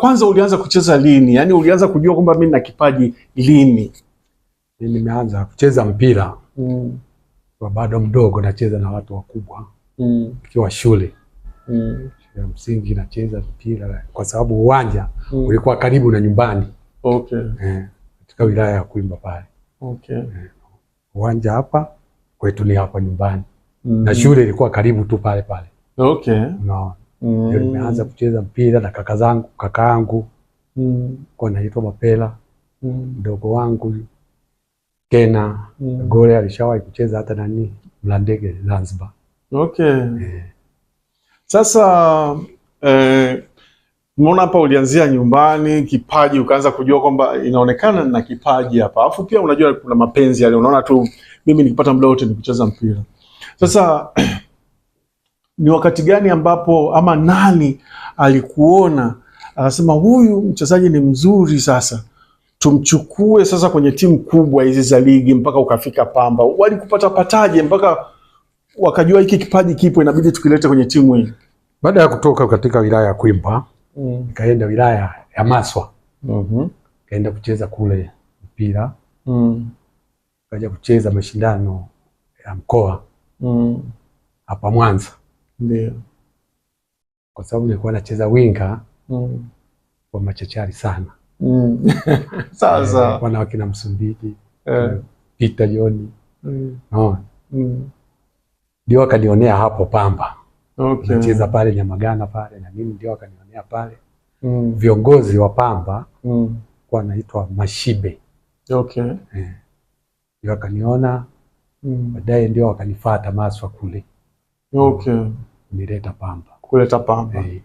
kwanza ulianza kucheza lini? Yaani ulianza kujua kwamba mimi nina kipaji lini? Mimi nimeanza kucheza mpira mm. bado mdogo, nacheza na watu wakubwa mm. kiwa shule mm. ya msingi nacheza mpira kwa sababu uwanja mm. ulikuwa karibu na nyumbani okay. Eh, katika wilaya ya Kwimba pale okay. Eh, uwanja hapa kwetu ni hapa nyumbani mm. na shule ilikuwa karibu tu pale pale okay. no mm. Ndio nimeanza mm. kucheza mpira na kaka zangu kakaangu mm. kwa naitwa Mapela mm. mdogo mm. wangu Kena mm. Gore alishawahi kucheza hata nani Mlandege Zanzibar. Okay. Eh. Sasa eh, umeona hapa ulianzia nyumbani kipaji, ukaanza kujua kwamba inaonekana na kipaji hapa, alafu pia unajua kuna mapenzi yale, unaona tu mimi nikipata muda wote nikucheza mpira sasa ni wakati gani ambapo ama nani alikuona akasema huyu mchezaji ni mzuri, sasa tumchukue sasa kwenye timu kubwa hizi za ligi, mpaka ukafika Pamba? Walikupata pataje mpaka wakajua hiki kipaji kipo, inabidi tukilete kwenye timu hii? Baada ya kutoka katika wilaya ya Kwimba mm. nikaenda wilaya ya Maswa mm -hmm. nikaenda kucheza kule mpira mm. kaja kucheza mashindano ya mkoa mm. hapa Mwanza ndio. Kwa sababu nilikuwa nacheza winga mm. kwa machachari sana mm. sawa eh, sawa. wakina Msumbiji eh. eh Peter Joni mm. no. mm. ndio wakanionea hapo Pamba okay. nacheza pale Nyamagana pale na mimi ndio wakanionea pale mm. viongozi wa Pamba mm. kwa naitwa Mashibe okay. eh. ndio wakaniona mm. baadaye ndio akanifuata Maswa kule okay nileta pamba kuleta pamba hey. Eh,